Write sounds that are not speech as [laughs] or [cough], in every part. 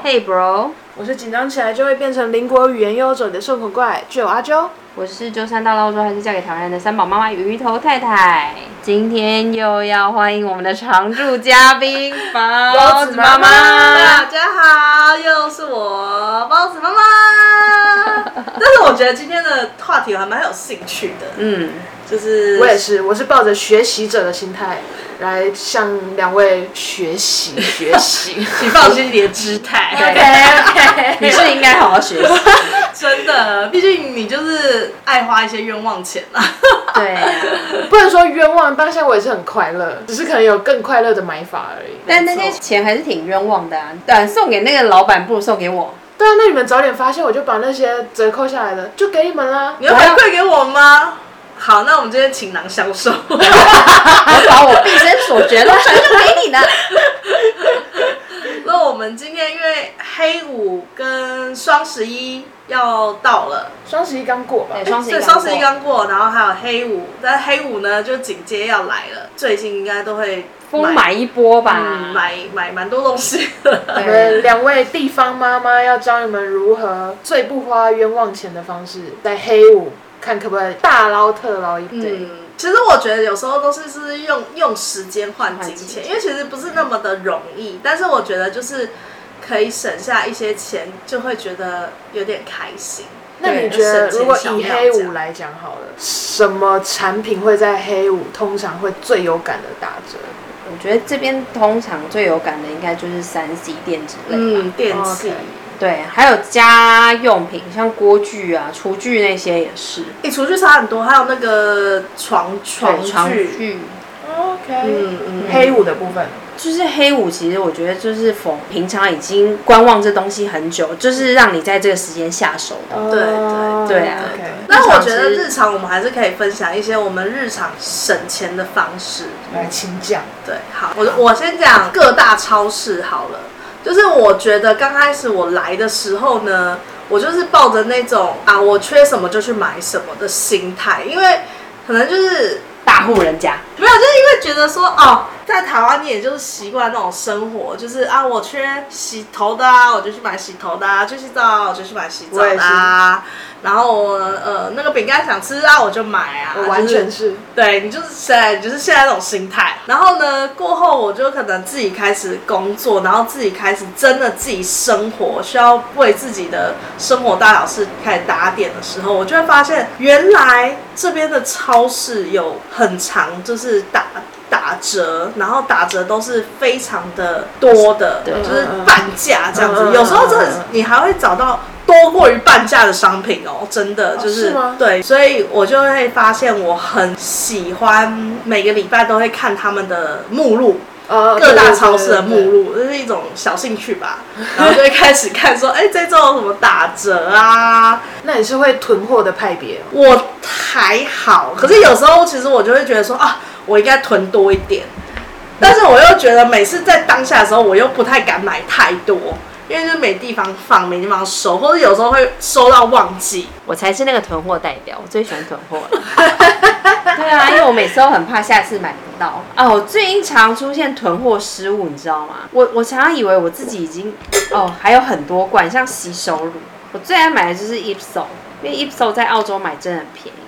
Hey bro，我是緊張起來就會變成鄰國語言優者的順口怪，就有阿啾。我是就算到了澳洲還是嫁給台灣人的三寶媽媽魚頭太太。今天又要歡迎我們的常駐嘉賓包 [laughs] 子媽媽媽， [laughs] 大家好，又是我包子媽媽。 [laughs] 但是我覺得今天的話題我還蠻有興趣的，嗯。就是、我也是，我是抱着學習者的心態來向兩位學習學習。 [laughs] 你放低你的姿態 [laughs] ，OK OK，你是應該好好學習， [laughs] 真的。畢竟你就是愛花一些冤枉錢嘛、啊。對，不能說冤枉，但像我也是很快樂，只是可能有更快樂的買法而已。但那些錢還是挺冤枉的啊！對，送給那個老板，不如送給我。對啊，那你們早點發現，我就把那些折扣下來的就給你們啦。你要回饋給我嗎？好，那我們今天傾囊相授，我 [laughs] 把我畢生所學都全部給你呢。那 [laughs] 我們今天因為黑五跟雙十一要到了，雙十一剛過吧？欸、雙十一剛過對，雙十一剛過，然後還有黑五，但黑五呢就緊接要來了，最近應該都會瘋買，買一波吧？嗯、買買蠻多東西。我們兩位地方媽媽要教你們如何最不花冤枉錢的方式在黑五。看可不可以大撈特撈一點嗯，其實我覺得有時候都是是用用時間換金,金錢，因為其實不是那麼的容易。嗯、但是我覺得就是可以省下一些錢，就會覺得有點開心。那你覺得如果以黑五來講好了、嗯，什麼產品會在黑五通常會最有感的打折？我覺得這邊通常最有感的應該就是三 C 電子類，嗯，電器。Okay. 對，還有家用品，像鍋具啊、廚具那些也是。比、欸、廚具差很多，還有那個床床床具。OK 床具。Okay. 嗯嗯。黑五的部分，就是黑五，其實我覺得就是否平常已經觀望這東西很久，就是讓你在這個時間下手的。哦、對對對啊。Okay. 那我覺得日常我們還是可以分享一些我們日常省錢的方式。來，請講。對，好，我我先講各大超市好了。就是我覺得剛開始我來的時候呢，我就是抱着那種啊，我缺什麼就去買什麼的心態，因為可能就是大戶人家。沒有，就是因為覺得說哦，在台灣你也就是習慣那種生活，就是啊，我缺洗頭的啊，我就去買洗頭的啊，去洗澡啊，我就去買洗澡的啊，我。然後我呃，那個餅乾想吃啊，我就買啊。我完全是，就是、對，你，、就是、對你就是現在你就是現在這種心態。然後呢，過後我就可能自己開始工作，然後自己開始真的自己生活，需要為自己的生活大小事開始打點的時候，我就會發現原來這邊的超市有很長就是。打打折，然後打折都是非常的多的，啊、就是半價這樣子，啊。有時候真的你還會找到多過於半價的商品哦，真的就是、哦、是對。所以我就會發現，我很喜歡每個禮拜都會看他們的目錄。呃、uh，各大超市的目錄，這、就是一種小興趣吧。 [laughs] 然後就會開始看，說，哎、欸，這週有什麼打折啊？ [laughs] 那你是會囤貨的派別哦？我還好，可是有時候其實我就會覺得說，啊，我應該囤多一點。但是我又覺得每次在當下的時候，我又不太敢買太多。因為就沒地方放，沒地方收，或者有時候會收到忘記。我才是那個囤貨代表，我最喜歡囤貨了。 [laughs] [laughs] 對啊，因為我每次都很怕下次買不到。哦，我最近常常出現囤貨失誤，你知道嗎？我我常常以為我自己已經哦還有很多罐，像洗手乳。我最愛買的就是 e p s o，因為 e p s o 在澳洲買真的很便宜。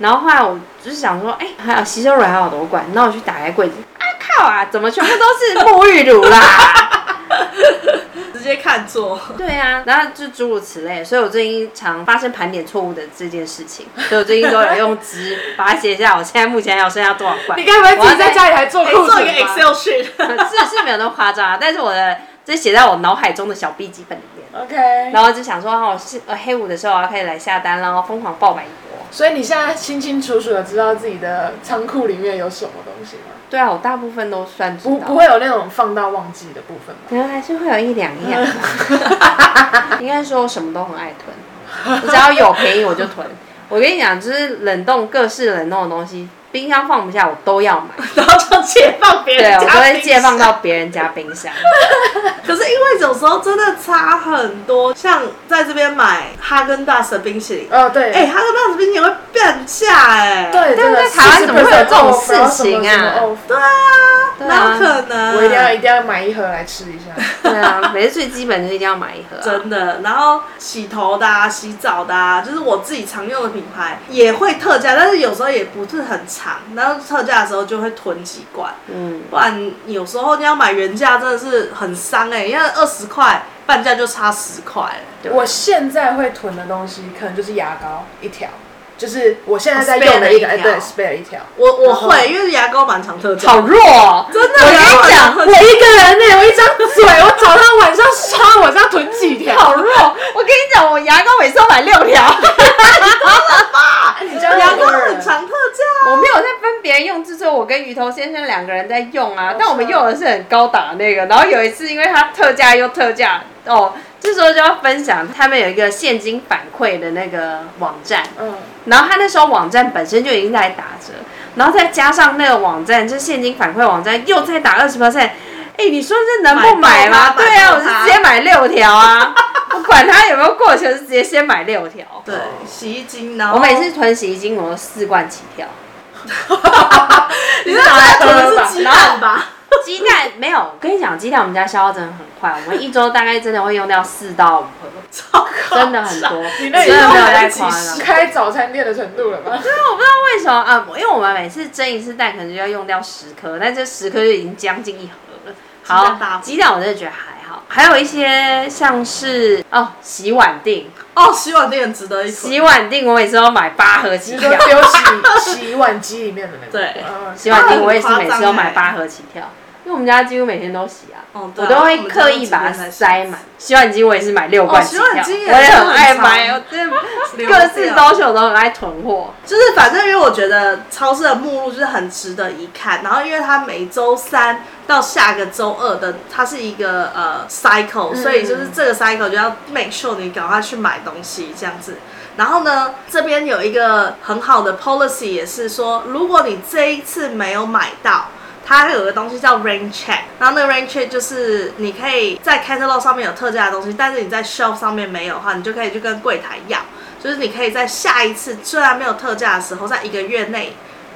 然後後來我就是想說，哎、欸，還有洗手乳還有好多罐。然後我去打開櫃子，啊靠啊，怎麼全部都是沐浴乳啦？ [laughs] 直接看錯，對啊，然後就諸如此類，所以我最近常發生盤點錯誤的這件事情，所以我最近都有用紙把它寫下來，我現在目前還有剩下多少罐。你該不會自己在家裡還做、欸、做一個 Excel sheet？是是沒有那麼誇張，但是我的這寫在我腦海中的小筆記本裡面，OK，然後就想說哦，我黑五的時候我要可以來下單，然後瘋狂爆買一波，所以你現在清清楚楚的知道自己的倉庫裡面有什麼東西。對啊，我大部分都算知道，不不會有那種放到忘記的部分嗎？可能還是會有一兩樣。 [laughs] [laughs] 應該說我什麼都很愛囤，我只要有便宜我就囤。 [laughs] 我跟你講，就是冷凍各式冷凍的東西，冰箱放不下我都要買，然後就借放別人家冰箱。對，我就會借放到別人家冰箱。 [laughs] [laughs] 可是因為有時候真的差很多，像在這邊買哈根達斯冰淇淋。哦，對，哎、欸，哈根達斯冰淇淋會。特價哎！對，但是在台灣怎麼會有這種事情啊？對啊，哪有可能？我一定要一定要買一盒來吃一下。 [laughs] 對啊，每次最基本就是一定要買一盒、啊。真的，然後洗頭的、啊，洗澡的，啊，就是我自己常用的品牌也會特價，但是有時候也不是很長。然後特價的時候就會囤幾罐，嗯，不然有時候你要買原價真的是很傷哎、欸，因為二十塊半價就差十塊。我現在會囤的東西，可能就是牙膏一條。就是我現在在用的一條、oh, 欸，對，spare 一條。我我會，因為牙膏蠻常特價。好弱，哦，真的。我跟你講，我一個人呢、欸，我一張嘴， [laughs] 我早上晚上刷，晚上囤幾條。 [laughs] 好弱，我跟你講，我牙膏每次都買六條。好吧，你牙膏很常特價，啊。我沒有在分別人用作，只是我跟魚頭先生兩個人在用啊。 [laughs] 但我們用的是很高檔的那個。然後有一次，因為它特價又特價。哦，這時候就要分享他們有一個現金反饋的那個網站，嗯，然後他那時候網站本身就已經在打折，然後再加上那個網站，就現金反饋網站又再打二十趴，哎，你說這能不買嗎？買。對呀，我就直接買六條啊， [laughs] 不管他有沒有過期，是直接先買六條。對，洗衣精呢？我每次囤洗衣精，我都四罐起跳， [laughs] 你哈哈哈哈，你再囤是幾罐吧？雞蛋沒有，我跟你講，雞蛋我們家消耗真的很快，我們一周大概真的會用掉四到五盒，真的很多，欸、你真的沒有在誇張，開早餐店的程度了吧？對 [laughs] 啊、嗯，我不知道為什麼啊，因為我們每次蒸一次蛋可能就要用掉十顆，但這十顆就已經將近一盒了。好，雞蛋我真的覺得還好，還有一些像是哦洗碗錠。哦洗碗錠很值得一，洗碗錠我每次都買八盒起跳，有、就、洗、是、洗碗機裡面的，對，嗯、洗碗錠我也是每次都買八盒起跳。因為我們家幾乎每天都洗啊，哦、啊我都會刻意把它塞滿。洗碗機我也是買六罐、哦，洗碗機我也很愛買。各自東西我都很愛囤貨， [laughs] 就是反正因為我覺得超市的目錄就是很值得一看。然後因為它每周三到下個周二的，它是一個呃 cycle，嗯嗯所以就是這個 cycle 就要 make sure 你趕快去買東西這樣子。然後呢，這邊有一個很好的 policy 也是說，如果你這一次沒有買到。它還有個東西叫 rain check，然後那個 rain check 就是你可以在 catalogue 上面有特價的東西，但是你在 shelf 上面沒有的話，你就可以去跟櫃台要，就是你可以在下一次雖然沒有特價的時候，在一個月內，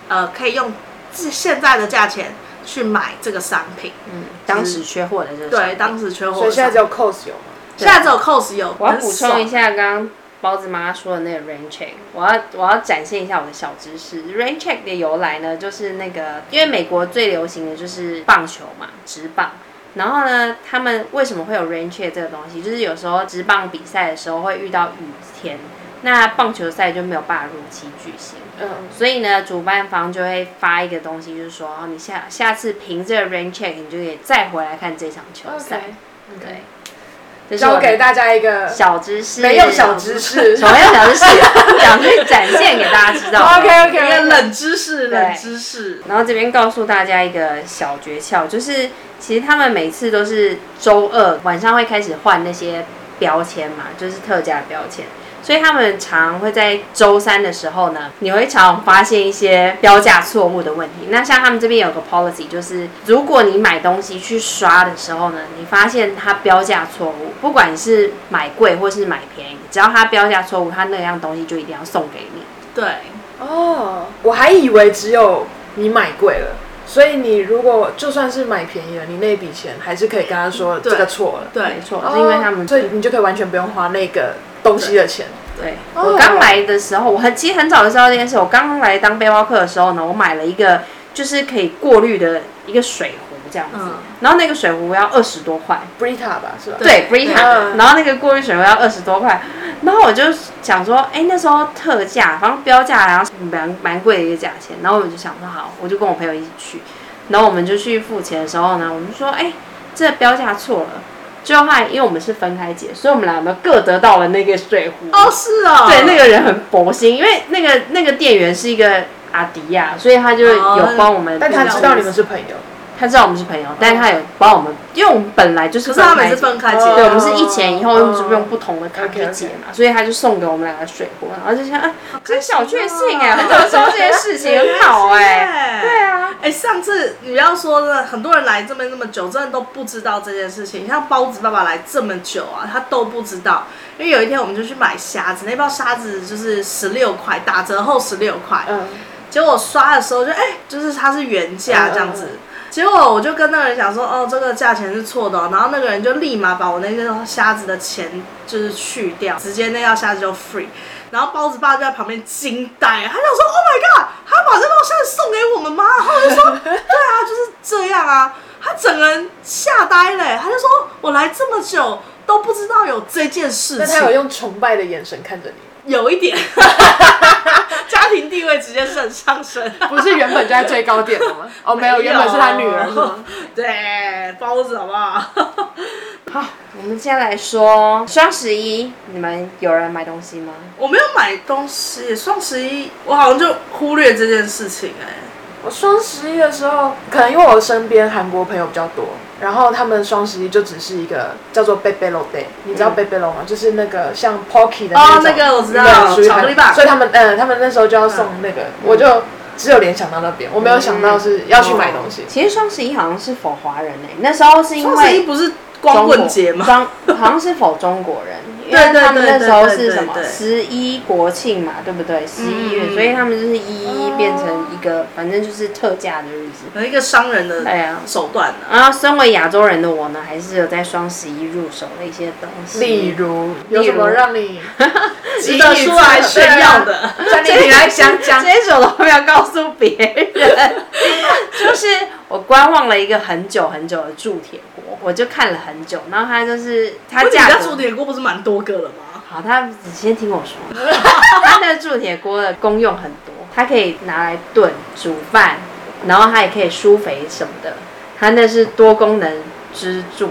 呃，可以用現在的價錢去買這個商品。嗯，就是、當時缺貨的就是對，當時缺貨。所以現在只有 COS 有嗎？現在只有 COS 有。我要補充一下剛剛。包子媽媽說的那個 rain check，我要我要展現一下我的小知識。rain check 的由來呢，就是那個，因為美國最流行的就是棒球嘛，職棒。然後呢，他們為什麼會有 rain check 這個東西？就是有時候職棒比賽的時候會遇到雨天，那棒球賽就沒有辦法如期舉行。嗯。所以呢，主辦方就會發一個東西，就是說，你下下次憑這個 rain check，你就可以再回來看這場球賽。Okay. 對。教、就是、給大家一個小知識，沒有小知識，什麼小知識？想去展現給大家知道。 [laughs] OK OK，冷知識，冷知識。然後這邊告訴大家一個小訣竅，就是其實他們每次都是週二晚上會開始換那些標籤嘛，就是特價標籤。所以他們常會在周三的時候呢，你會常發現一些標價錯誤的問題。那像他們這邊有個 policy，就是如果你買東西去刷的時候呢，你發現它標價錯誤，不管是買貴或是買便宜，只要它標價錯誤，它那樣東西就一定要送給你。對哦，oh. 我還以為只有你買貴了，所以你如果就算是買便宜了，你那筆錢還是可以跟他說這個錯了，對，沒錯，是因為他們，oh. 所以你就可以完全不用花那個。東西的錢。對，對，對、哦、我剛來的時候，我很其實很早就知道這件事。我剛來當背包客的時候呢，我買了一個就是可以過濾的一個水壺這樣子、嗯，然後那個水壺要二十多塊 Brita 吧，是吧？對 Brita、嗯、然後那個過濾水壺要二十多塊，然後我就想說，哎，那時候特價，反正標價然後蠻蠻，蠻貴的一個價錢，然後我就想說好，我就跟我朋友一起去，然後我們就去付錢的時候呢，我們就說，哎，這標價錯了。最後因為我們是分開結，所以我們兩個各得到了那個水壺。哦，是哦、啊。對，那個人很佛心，因為那個那個店員是一個阿迪亞、啊，所以他就有幫我們、哦。但他知道你們是朋友。他知道我們是朋友，但是他也幫我們，因為我們本來就是,來可是他每次分開，對我們是一前一後，用、oh, 用不同的卡去結嘛，oh, okay, okay. 所以他就送給我們兩個水果。然後就想，oh, okay. 啊、是小確幸哎，很、oh, 早說這件事情，很好哎、欸，okay. 對啊，哎、欸，上次你要說的很多人來這邊那麼久，真的都不知道這件事情，像包子爸爸來這麼久啊，他都不知道，因為有一天我們就去買蝦子，那包蝦子就是十六塊，打折後十六塊，結果我刷的時候就哎、欸，就是它是原價這樣子。嗯嗯結果我就跟那個人講說，哦，這個價錢是錯的，然後那個人就立馬把我那個蝦子的錢就是去掉，直接那條蝦子就 free。然後包子爸就在旁邊驚呆，他想說，Oh my god，他把這包蝦子送給我們嗎？然後我就說， [laughs] 對啊，就是這樣啊。他整個人嚇呆了，他就說我來這麼久都不知道有這件事情。但他有用崇拜的眼神看着你，有一點。 [laughs] 地位直接是很上升，不是原本就在最高點了嗎？哦、 [laughs] oh,，沒有，原本是他女兒是嗎？ [laughs] 對，包子，好不好？ [laughs] 好，我們現在來說雙十一，你們有人買東西嗎？我沒有買東西，雙十一，我好像就忽略這件事情哎、欸。我雙十一的時候，可能因為我身邊韓國朋友比較多。然後他們雙十一就只是一個叫做 Pepero Day，、嗯、你知道 Pepero 嗎？就是那個像 Pocky 的那、oh, 嗯，那個巧克力棒。所以他們嗯，嗯，他們那時候就要送那個、嗯，我就只有聯想到那邊，我沒有想到是要去買東西。嗯嗯，哦、其實雙十一好像是否華人呢？、欸？那時候是因為雙十一不是光棍節嗎？好像是否中國人。 [laughs] 因為他們那時候是什麼十一國慶嘛，對不對？十一月，嗯，所以他們就是一一變成一個，嗯，反正就是特價的日子，有一個商人的哎呀，手段、啊，然後身為亞洲人的我呢，還是有在雙十一入手了一些東西。例如，有什麼讓你值得出來炫耀的？你來講講， [laughs] 這些的話，不要告訴別人， [laughs] 就是。我觀望了一個很久很久的鑄鐵鍋，我就看了很久，然後它就是它家鑄鐵鍋不是蠻多個了嗎？好，他你先聽我說， [laughs] 它那鑄鐵鍋的功用很多，它可以拿來燉、煮飯，然後它也可以舒肥什麼的，它那是多功能之鑄鐵鍋。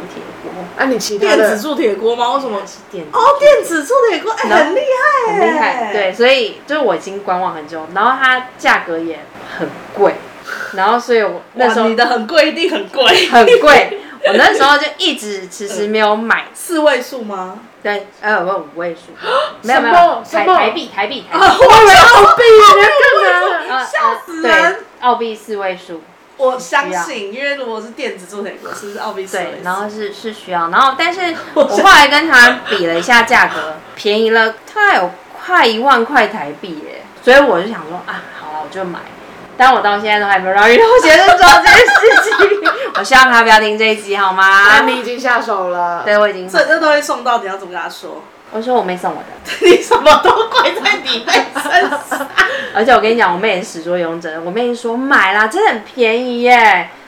那、啊、你其他的電子鑄鐵鍋嗎？為什麼電？哦，電子鑄鐵鍋，很厲害，很厲害，對，所以就是我已經觀望很久，然後它價格也很貴。然後，所以我那時候你的很貴，一定很貴，很貴。我那時候就一直遲遲沒有買、呃、四位數嗎？對，還、呃、有五位數。沒有沒有台台幣台幣我台幣，澳幣四位數，笑、啊、死人、呃呃！對，澳幣四位數。我相信，因為如果是電子註冊，是澳幣四位，幣四位對，然後是是需要，然後但是我後來跟他比了一下價格，便宜了，他有快一萬塊台幣耶、欸，所以我就想說啊，好了，我就買。但我到現在都還沒有讓雨桐先生知道這件事情。 [laughs] 我希望他不要聽這一集好嗎？他明明已經下手了。對，我已經。所以這東西送到底你要怎麼跟他說？我說我妹送我的。 [laughs] 你什麼都怪在你妹身上。而且我跟你講，我妹也是始作俑者。我妹就說買啦，真的很便宜耶。其實這些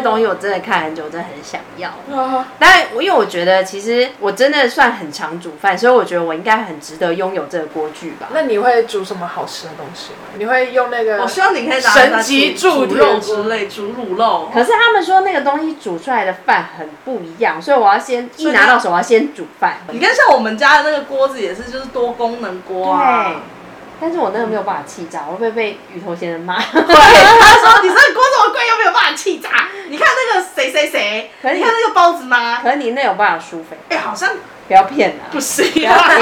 東西我真的看很久，我真的很想要、啊。當然，我因為我覺得其實我真的算很常煮飯，所以我覺得我應該很值得擁有這個鍋具吧。那你會煮什麼好吃的東西嗎？你會用那個？我希望你可以拿它煮煮肉之類，煮滷肉、嗯。可是他們說那個東西煮出來的飯很不一樣，所以我要先一拿到手，我要先煮飯。你看，像我們家的那個鍋子也是，就是多功能鍋、啊、對。但是我那個沒有辦法氣炸，我會不會被雨頭先生罵、嗯， [laughs] 他說：“你這個鍋這麼貴，又沒有辦法氣炸， [laughs] 你看那個誰誰誰，你看那個包子媽，可是你那有辦法舒肥？”哎、欸，好像不要騙啊！不是，不啊、 [laughs]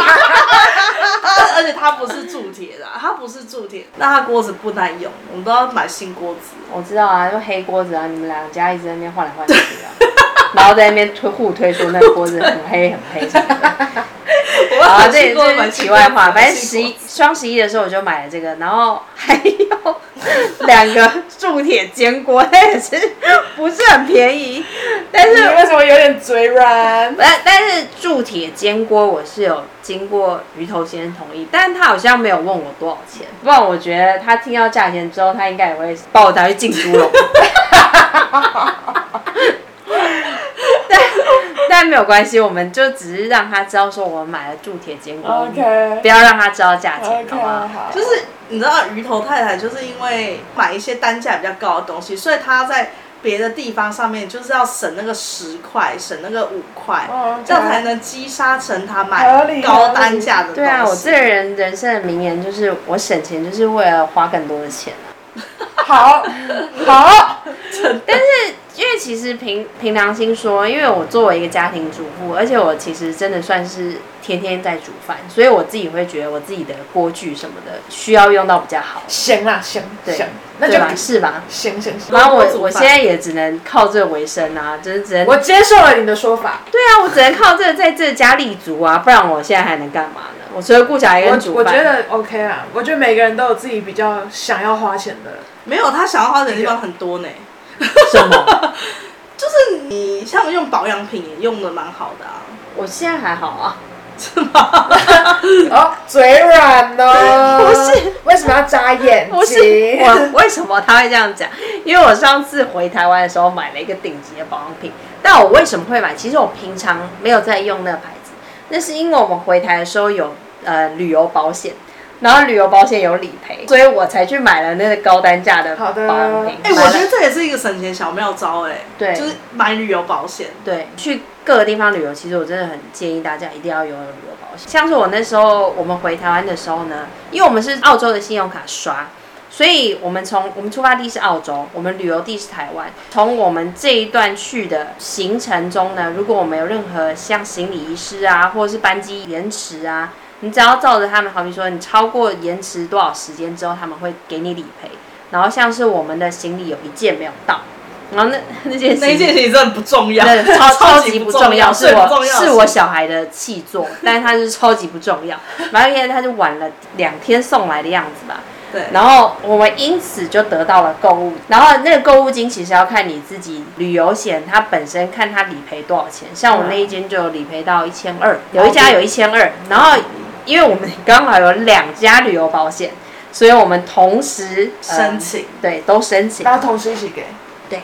[laughs] 而且它不是鑄鐵的，它不是鑄鐵，那它鍋子不耐用，我們都要買新鍋子。我知道啊，就黑鍋子啊，你們兩家一直在那邊換來換去啊。 [laughs] 然後在那邊推互推說那個鍋子很黑很黑，啊， [laughs] 這這很奇怪的話。反正十一雙十一的時候我就買了這個，然後還有兩個鑄鐵煎鍋，也是不是很便宜。但是為什麼有點嘴軟？但但是鑄鐵煎鍋我是有經過魚頭先生同意，但他好像沒有問我多少錢。不然我覺得他聽到價錢之後，他應該也會把我帶去進豬籠。 [laughs] [laughs] [laughs] [laughs] 但但沒有關係，我們就只是讓他知道說我們買了鑄鐵煎鍋，okay. 不要讓他知道價錢，okay. 好嗎？好。就是你知道魚頭太太就是因為買一些單價比較高的東西，所以他在別的地方上面就是要省那個十塊，省那個五塊，oh, okay. 這樣才能擊殺成他買高單價的東西。Oh, okay. 對啊，我這個人人生的名言就是我省錢就是為了花更多的錢啊 [laughs] 好。好好 [laughs] 真的。但是。因為其實憑憑良心說，因為我作為一個家庭主婦，而且我其實真的算是天天在煮飯，所以我自己會覺得我自己的鍋具什麼的需要用到比較好。行啊，行，對，那就沒事吧，吧。行行行。然後我我現在也只能靠這個為生啊，就是只能。我接受了你的說法。對啊，我只能靠這個在這個家立足啊，不然我現在還能幹嘛呢？我除了顧小孩跟煮飯。我覺得 OK 啊，我覺得每個人都有自己比較想要花錢的。沒有，他想要花錢的地方很多呢、欸。這個什麼？就是你像用保養品也用的蠻好的啊！我現在還好啊，是嗎？ [laughs] 哦，嘴軟呢、哦？不是，為什麼要眨眼睛？我，是我為什麼他會這樣講？因為我上次回台灣的時候買了一個頂級的保養品，但我為什麼會買？其實我平常沒有在用那個牌子，那是因為我們回台的時候有呃旅遊保險。然後旅遊保險有理賠，所以我才去買了那個高單價的保養品哎、哦欸，我覺得這也是一個省錢小妙招、欸，哎，對，就是買旅遊保險。對，去各個地方旅遊，其實我真的很建議大家一定要擁有旅遊保險。像是我那時候我們回台灣的時候呢，因為我們是澳洲的信用卡刷，所以我們從我們出發地是澳洲，我們旅遊地是台灣。從我們這一段去的行程中呢，如果我們有任何像行李遺失啊，或者是班機延遲啊。你只要照着他們，好比說，你超過延遲多少時間之後，他們會給你理賠。然後像是我們的行李有一件沒有到，然後那那件行李那件真的不重要，超超級不重要，重要是我是我小孩的汽座 [laughs] 但是它就是超級不重要。然後因為他就晚了兩天送來的樣子吧。對。然後我們因此就得到了購物。然後那個購物金其實要看你自己旅遊險，它本身看它理賠多少錢。像我那一間就理賠到一千二，12, 有一家有一千二，然後。因為我們剛好有兩家旅遊保險，所以我們同時，嗯，申請，對，都申請，大家同時一起給，對，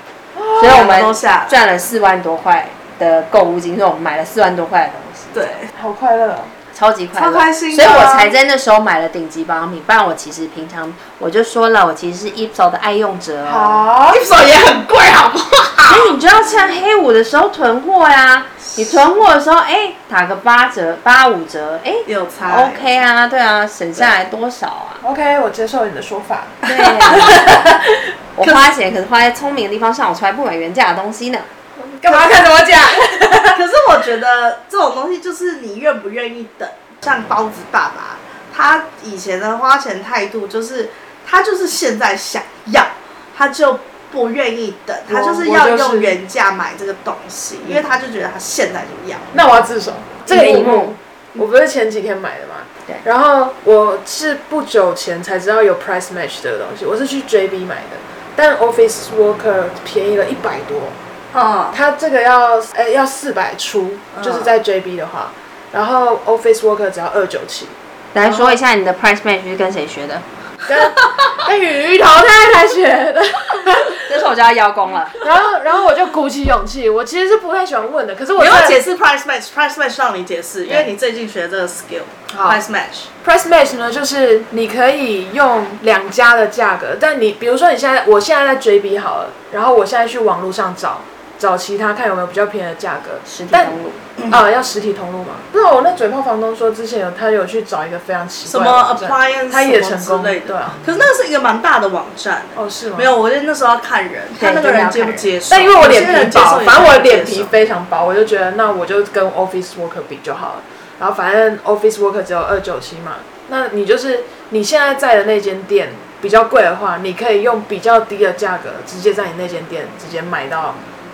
所以我們賺了四萬多塊的購物金，所以我們買了四萬多塊的東西，對，好快樂。超級快樂、啊，所以我才在那時候買了頂級保養品。不然我其實平常我就說了，我其實是伊索的愛用者哦、啊。伊索也很貴，好不好？啊、所以你就要趁黑五的時候囤貨呀。你囤貨的時候，哎、欸，打個八折、八五折，哎、欸，有才。才 OK 啊，對啊，省下來多少啊？OK，我接受你的說法 [laughs] 對、啊。我花錢可是花在聰明的地方上，我從來不買原價的東西呢。幹嘛看什麼價？ [laughs] 可是我覺得這種東西就是你願不願意等。像包子爸爸，他以前的花錢態度就是，他就是現在想要，他就不願意等，他就是要用原價買這個東西，就是，因為他就覺得他現在就要。那我要自首，這個熒幕、嗯、我不是前幾天買的嗎？對、嗯。然後我是不久前才知道有 price match 這個東西，我是去 JB 買的，但 Officeworks 便宜了一百多。嗯、它這個要呃、欸、要四百出、嗯，就是在 JB 的話，然後 Office Worker 只要二九七。來說一下你的 Price Match 是跟誰學的？嗯、跟魚頭 [laughs] 太太學的，這時候我就要邀功了。嗯、然後然後我就鼓起勇氣，我其實是不太喜歡問的，可是我是你要解釋 Price Match，Price Match 讓你解釋，因為你最近學的這個 Skill。Price Match，Price Match 呢，就是你可以用兩家的價格，但你比如說你現在我現在在 JB 好了，然後我現在去網絡上找。找其他看有沒有比較便宜的價格，實體通路但、嗯、啊，要實體通路嗎？那我那嘴炮房東說之前有他有去找一個非常奇怪的什麼 appliance 他也成功，對啊。可是那是一個蠻大的網站、嗯、哦，是嗎？沒有，我就那時候要看人，看那個人接不接受。但因為我臉皮很薄，反正我臉皮非常薄，我就覺得那我就跟 office worker 比就好了。然後反正 office worker 只有二九七嘛，那你就是你現在在的那間店比較貴的話，你可以用比較低的價格直接在你那間店直接買到。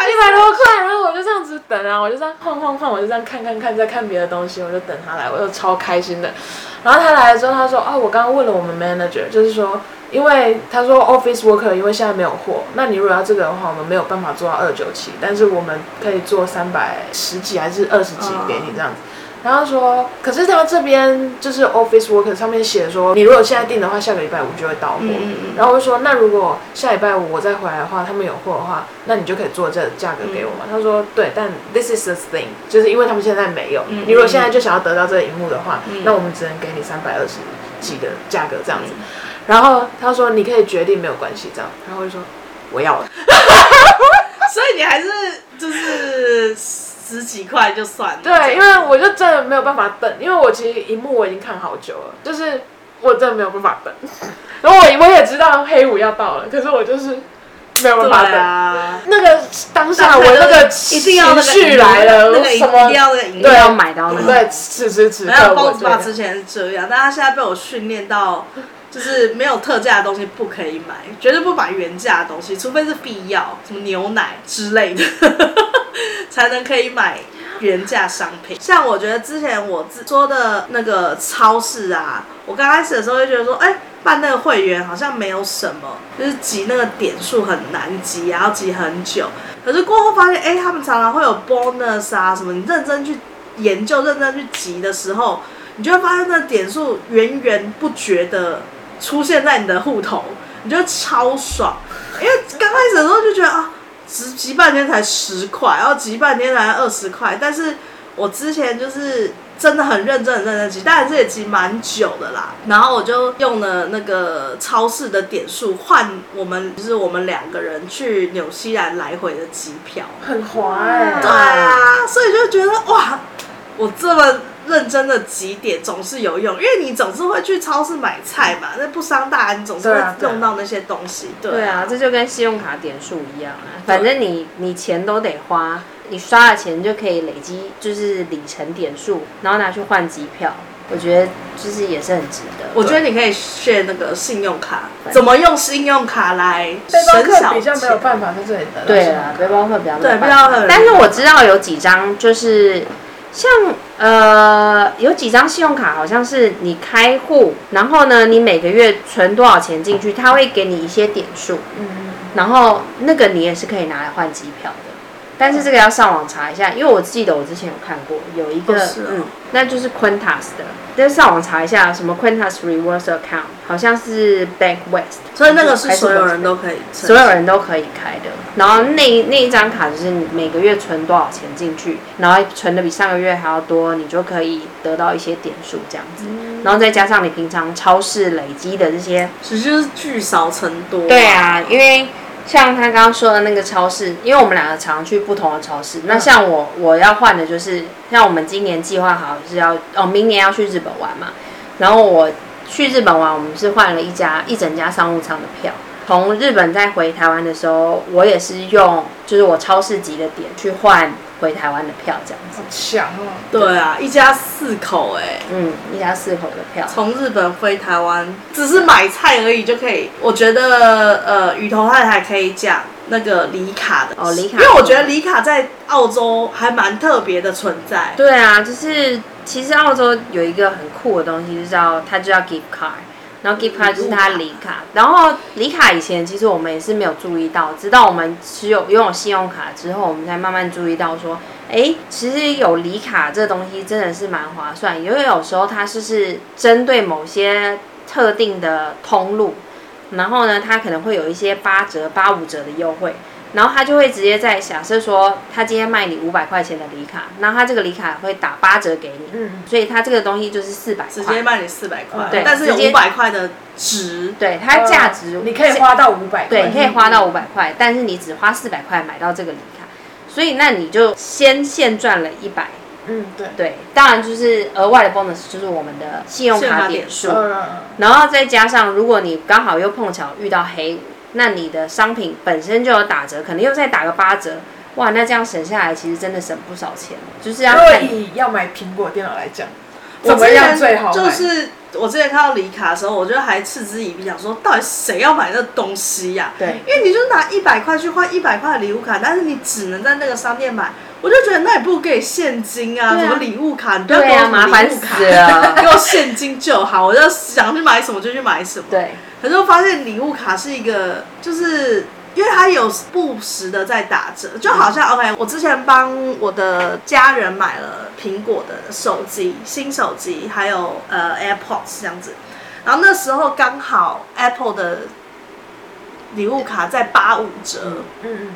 一百多塊，然後我就這樣子等啊，我就這樣晃晃晃，我就這樣看看看，再看別的東西，我就等他來，我就超開心的。然後他來了之後，他說：“哦、啊，我剛剛問了我們 manager，就是說，因為他說 office worker，因為現在沒有貨，那你如果要這個的話，我們沒有辦法做到二九七，但是我們可以做三百十幾還是二十幾給你這樣子。Oh. ”然後說，可是他們這邊就是 office worker 上面寫說，你如果現在訂的話，下個禮拜五就會到貨、嗯。然後我就說，那如果下禮拜五我再回來的話，他們有貨的話，那你就可以做這個價格給我嘛、嗯？他說，對，但 this is the thing，就是因為他們現在沒有。嗯、你如果現在就想要得到這螢幕的話、嗯，那我們只能給你三百二十幾的價格這樣子。然後他說，你可以決定沒有關係這樣。然後我就說，我要了。 [laughs] [laughs] 所以你還是就是。十幾塊就算了。對，因為我就真的沒有辦法等，因為我其實螢幕我已經看好久了，就是我真的沒有辦法等。然後我我也知道黑五要到了，可是我就是沒有辦法等、啊。那個當下當、就是、我那個一定要緒來了，我、那個、什麼對要、啊、買到那個，對，此生此。然後包子爸之前是這樣，但他現在被我訓練到。就是沒有特價的東西不可以買，絕對不買原價的東西，除非是必要，什麼牛奶之類的，呵呵呵，才能可以買原價商品。像我覺得之前我自說的那個超市啊，我剛開始的時候就覺得說，哎、欸，辦那個會員好像沒有什麼，就是集那個點數很難集，然後集很久。可是過後發現，哎、欸，他們常常會有 bonus 啊，什麼，你認真去研究、認真去集的時候，你就會發現那個點數源源不絕的出現在你的戶頭，你覺得超爽，因為剛開始的時候就覺得啊，集集半天才十塊，然後，啊，集半天才二十塊，但是我之前就是真的很認真很認真集，但是這也集蠻久的啦，然後我就用了那個超市的點數換我們就是我們兩個人去紐西蘭來回的機票，很滑。哎，對啊，所以就覺得哇，我這麼。認真的集點總是有用，因為你總是會去超市買菜嘛，那不傷大，你總是會用到那些東西。對啊，對啊，這就跟信用卡點數一樣啊，反正你你錢都得花，你刷了錢就可以累積，就是里程點數，然後拿去換機票。我覺得就是也是很值得。我覺得你可以選那個信用卡，怎麼用信用卡來？背包客比較沒有辦法，在這裡等，對啊，背包客比較對背包客，但是我知道有幾張就是。像呃，有幾張信用卡好像是你開戶，然後呢，你每個月存多少錢進去，他會給你一些點數，嗯嗯，然後那個你也是可以拿來換機票的。但是這個要上網查一下，因為我記得我之前有看過有一個、哦啊，嗯，那就是 Quintas 的，但是上網查一下，什麼 Quintas Reverse Account，好像是 Bank West，所以那個是所有人都可以，所有人都可以，都可以開的。然後那那張卡就是你每個月存多少錢進去，然後存的比上個月還要多，你就可以得到一些點數這樣子、嗯。然後再加上你平常超市累積的這些，其實就是聚少成多、啊。對啊，因為。像他剛剛說的那個超市，因為我們兩個常去不同的超市。那像我，我要換的就是，像我們今年計劃好是要，哦，明年要去日本玩嘛。然後我去日本玩，我們是換了一家一整家商務艙的票。從日本再回台灣的時候，我也是用就是我超市級的點去換回台灣的票，這樣子。好強哦、啊！對啊，一家四口哎、欸，嗯，一家四口的票。從日本回台灣，只是買菜而已就可以。我覺得呃，雨桐漢還可以講那個禮卡的哦，禮卡，因為我覺得禮卡在澳洲還蠻特別的存在。對啊，就是其實澳洲有一個很酷的東西就是，就叫它叫 Gift Card。然後 gift card 就是它、禮卡，然後禮卡以前其實我們也是沒有注意到，直到我們持有擁有信用卡之後，我們才慢慢注意到說，誒，其實有禮卡這東西真的是蠻划算，因為有時候它是是針對某些特定的通路，然後呢，它可能會有一些八折、八五折的優惠。然後他就會直接在假設說，他今天賣你五百塊錢的禮卡，那他這個禮卡會打八折給你、嗯，所以他這個東西就是四百塊，直接賣你四百塊，對，但是有五百塊的值，對，它價值、呃，你可以花到五百塊，對、嗯，你可以花到五百塊、嗯，但是你只花四百塊買到這個禮卡，所以那你就先現賺了一百，嗯，對，對，當然就是額外的 bonus 就是我們的信用卡點數，點數嗯嗯、然後再加上如果你剛好又碰巧遇到黑那你的商品本身就有打折，可能又再打個八折，哇，那這樣省下來其實真的省不少錢。就是要對要買蘋果電腦來講，怎麼樣最好？就是我之前看到禮卡的時候，我就還嗤之以鼻，想說到底誰要買那東西呀、啊？對，因為你就拿一百塊去換一百塊禮物卡，但是你只能在那個商店買，我就覺得那也不給現金啊，啊什麼禮物卡，你不要給我禮物卡對、啊、麻煩死啊，給我現金就好，我就想去買什麼就去買什麼。對。可是我發現禮物卡是一個，就是因為它有不時的在打折，就好像，嗯、OK，我之前幫我的家人買了蘋果的手機，新手機，還有呃 AirPods 這樣子，然後那時候剛好 Apple 的禮物卡在八五折，嗯嗯，嗯，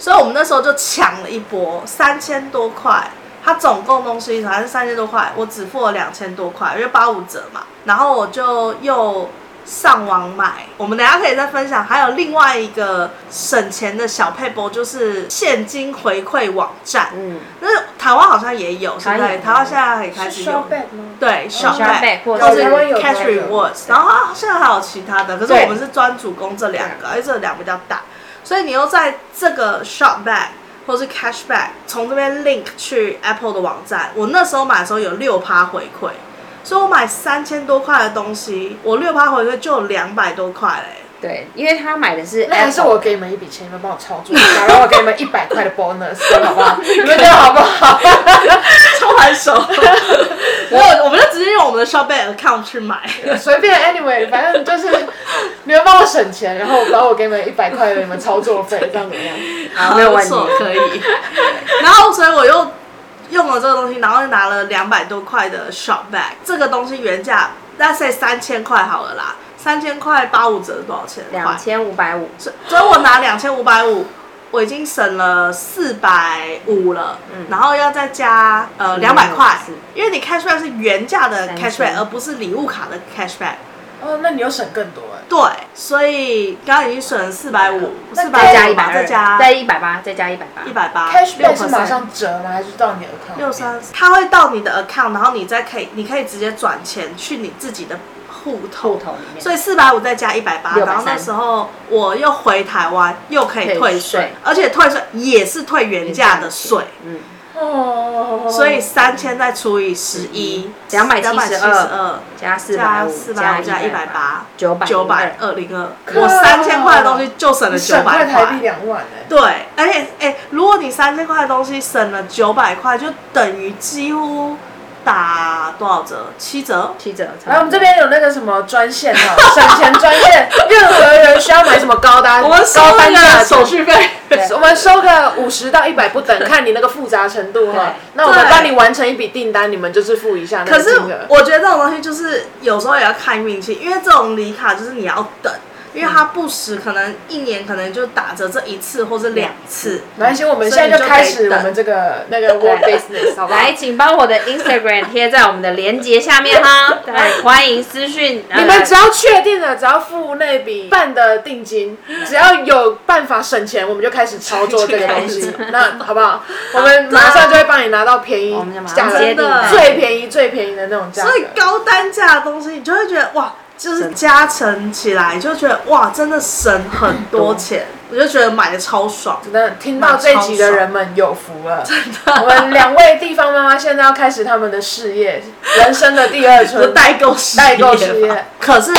所以我們那時候就搶了一波三千多塊，它總共東西好像是三千多塊，我只付了兩千多塊，因為八五折嘛，然後我就又。上網買，我們等下可以再分享。還有另外一個省錢的小撇步，就是現金回饋網站。嗯，那台灣好像也有，是不是？台灣現在也開始有。是 shopback 嗎？對，oh，shopback 或者是 cash rewards。然後現在還有其他的，可是我們是專主攻這兩個，而且這兩個比較大。所以你又在這個 shopback 或者是 cashback，從這邊 link 去 Apple 的網站。我那時候買的時候有六趴回饋。所以我買三千多塊的東西，我六趴回來就兩百多塊嘞、欸。對，因為他買的是、F。但是我給你們一筆錢，你們幫我操作一下， [laughs] 然後我給你們一百塊的 bonus， [laughs] 有有好不好？你們覺得好不好？ [laughs] 超哈還手熟。 [laughs] 我我們就直接用我們的 ShopBack account 去買，隨便 anyway，反正就是你們幫我省錢，然後然後我給你們一百塊的 [laughs] 你們操作費，這樣怎麼樣？好沒有問題， [laughs] 可以。然後，所以我又。用了這個東西，然後就拿了兩百多塊的 Shopback。這個東西原價那算三千塊好了啦，三千塊八五折多少錢？兩千五百五。所以，所以我拿兩千五百五，我已經省了四百五了，嗯，然後要再加呃兩百塊，因為你 cash 出來是原價的 cash back，而不是禮物卡的 cash back。哦，那你要省更多哎、欸！對，所以剛剛已經省了四百五，四百加一百，再加再一百八，再加一百八，一百八。cashback 是馬上折呢還是到你的 account？六三它會到你的 account，然後你再可以，你可以直接轉錢去你自己的戶頭，戶頭裡面。所以四百五再加一百八，然後那時候我又回台灣，又可以退稅，而且退稅也是退原價的稅。嗯。哦、oh,，所以三千、嗯、再除以十一、嗯，兩百七十二加四百五加一百八，九百二零二。Oh, 我三千塊的東西就省了九百塊。台幣兩萬、欸、對，而且、欸、如果你三千塊的東西省了九百塊，就等於幾乎。打多少折？七折，七折。來、啊，我們這邊有那個什麼專線哦，省錢專線，任何人需要買什麼高單， [laughs] 高單價手續費，我們收個五十到一百不等， [laughs] 看你那個複雜程度哈。Okay. 那我們幫你完成一筆訂單， [laughs] 你們就是付一下那。可是我覺得這種東西就是有時候也要看運氣，因為這種禮卡就是你要等。因為它，不時可能一年可能就打折這一次或者兩次。來、嗯，行，我們現在就開始我們這個那個 work business [laughs] 好不好？來，請幫我的 Instagram 貼在我們的鏈接下面哈。 [laughs] 對，歡迎私訊、 [laughs] 呃、你們只要確定了，只要付那筆半的定金、嗯，只要有辦法省錢，我們就開始操作這個東西， [laughs] 那好不好？我們馬上就會幫你拿到便宜，價格的最便宜最便宜，最便宜的那種價格。所以高單價的東西，你就會覺得哇。就是加成起來就覺得哇，真的省很多錢，我就覺得買的超爽。真的，聽到這集的人們有福了。真的、啊，我們兩位地方媽媽現在要開始他們的事業， [laughs] 人生的第二春。代購事業。代購事業。可是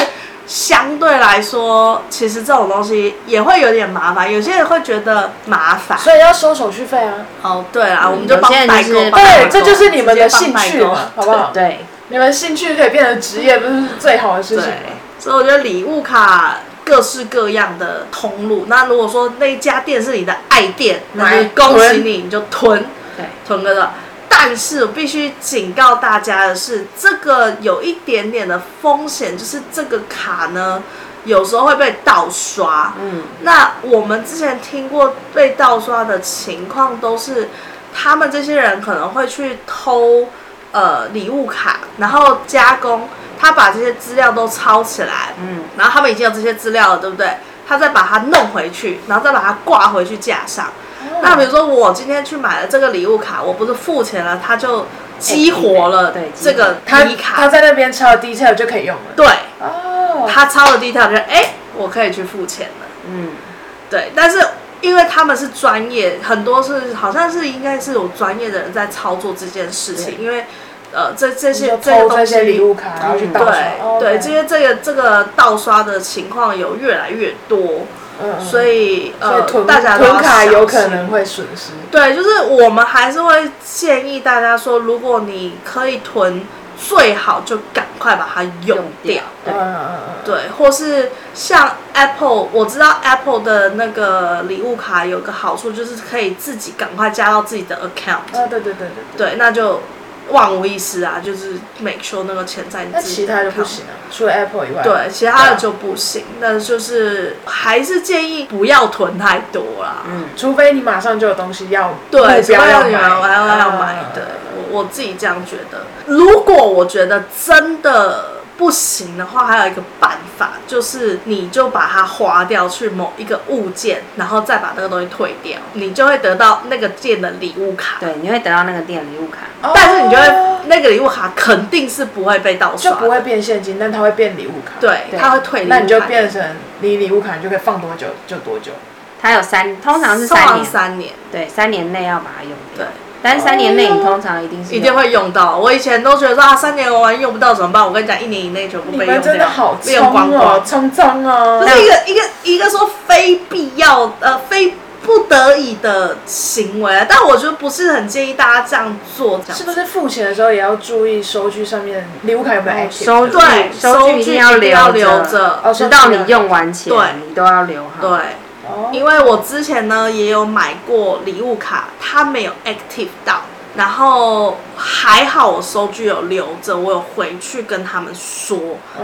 相對來說，其實這種東西也會有點麻煩，有些人會覺得麻煩，所以要收手續費啊。好，對啊，我們就幫代購、嗯就是，對，這就是你們的興趣了，好不好？對。對你們興趣可以變成職業，不是最好的事情？對，所以我覺得禮物卡各式各樣的通路。那如果說那一家店是你的愛店，那恭喜你，Right. 你就囤。對，囤哥，但是我必須警告大家的是，這個有一點點的風險，就是這個卡呢，有時候會被盜刷。嗯，那我們之前聽過被盜刷的情況，都是他們這些人可能會去偷。呃，禮物卡，然後加工，他把這些資料都抄起來，嗯，然後他們已經有這些資料了，對不對？他再把它弄回去，然後再把它掛回去架上。哦、那比如說，我今天去買了這個禮物卡，我不是付錢了，他就激活了這個卡，欸這個，他在那邊抄了 detail 就可以用了。對，哦，他抄了 detail 就哎，欸，我可以去付錢了。嗯，對，但是。因為他們是專業，很多是好像是應該是有專業的人在操作這件事情。因為，呃，這這些這個這些東西，對、哦、對，okay. 這些這個這個盜刷的情況有越來越多，嗯嗯，所以呃所以，大家囤卡有可能會損失。對，就是我們還是會建議大家說，如果你可以囤，最好就趕快把它用掉，用掉對、啊啊啊，對，或是像 Apple，我知道 Apple 的那個禮物卡有個好處，就是可以自己趕快加到自己的 account，啊。對對，對對對對，對，那就萬無一失啊，就是 make sure，那個錢在自己。己其他就不行了，啊，除了 Apple 以外，對，其他的就不行。那、嗯、就是還是建議不要囤太多了，啊，嗯，除非你馬上就有東西要對，不要，要，要買。啊啊我自己這樣覺得，如果我覺得真的不行的話，還有一個辦法，就是你就把它花掉去某一個物件，然後再把這個東西退掉，你就會得到那個店的禮物卡。對，你會得到那個店的禮物卡，但是你就會那個禮物卡肯定是不會被盜刷，就不會變現金，但它會變禮物卡。對，對它會退。那你就變成你禮物卡，你就可以放多久就多久。它有三，通常是放三,三年。對，三年內要把它用掉。對。但是三年內，你通常一定是一定會用到。我以前都覺得說啊，三年我萬一用不到怎麼辦？我跟你講，一年以內就不被用掉真的好、啊，變光哦，滄桑哦。不、就是一個一個一個說非必要呃非不得已的行為，但我覺得不是很建議大家這樣做，這樣。是不是付錢的時候也要注意收據上面，禮物卡有沒有收據，收據一定要留着，直到你用完錢，對，你都要留好。對。Oh. 因為我之前呢也有買過禮物卡，它沒有 active 到，然後還好我收據有留着，我有回去跟他們說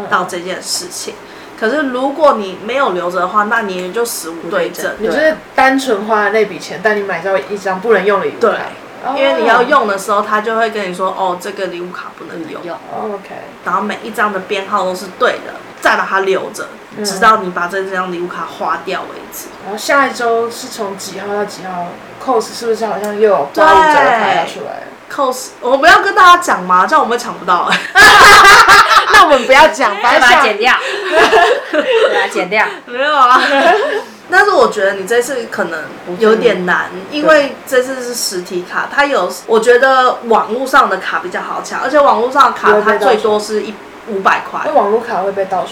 到這件事情。Uh -huh. 可是如果你沒有留着的話，那你也就死無對證、okay.。你就是單純花的那筆錢，但你買到一張不能用的禮物卡。對，oh. 因為你要用的時候，他就會跟你說，哦，這個禮物卡不能用。Oh, OK，然後每一張的編號都是對的。再把它留着，直到你把這張禮物卡花掉為止。嗯、然後下一周是從幾號到幾號？cos 是不是好像又有第二張卡要出來？cos 我們不要跟大家講嗎？這樣我們也搶不到、欸。 [laughs] [laughs] 那我們不要講，直把，把它剪掉。對 [laughs] 它 [laughs] 剪掉。沒有啊。 [laughs] [laughs] 但是我覺得你這次可能有點難，嗯、因為這次是實體卡，它有我覺得網絡上的卡比較好搶，而且網絡上的卡它最多是一。五百塊，那網絡卡會被盜刷？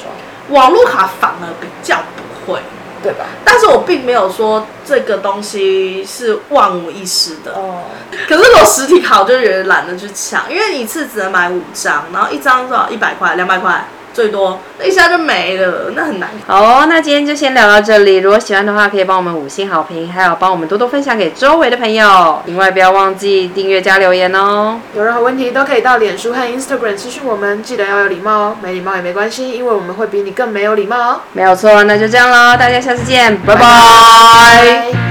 網絡卡反而比較不會，對吧？但是我並沒有說這個東西是萬無一失的哦。可是我實體卡我就覺得懶得去搶，因為你一次只能買五張，然後一張多少一百塊、兩百塊。最多，一下就沒了，那很難。好，那今天就先聊到這裡。如果喜歡的話，可以幫我們五星好評，還有幫我們多多分享給周圍的朋友。另外，不要忘記訂閱加留言哦。有任何問題都可以到臉書和 Instagram 私訊我們，記得要有禮貌哦。沒禮貌也沒關係，因為我們會比你更沒有禮貌哦。沒有錯，那就這樣咯。大家下次見，拜拜。拜拜拜拜。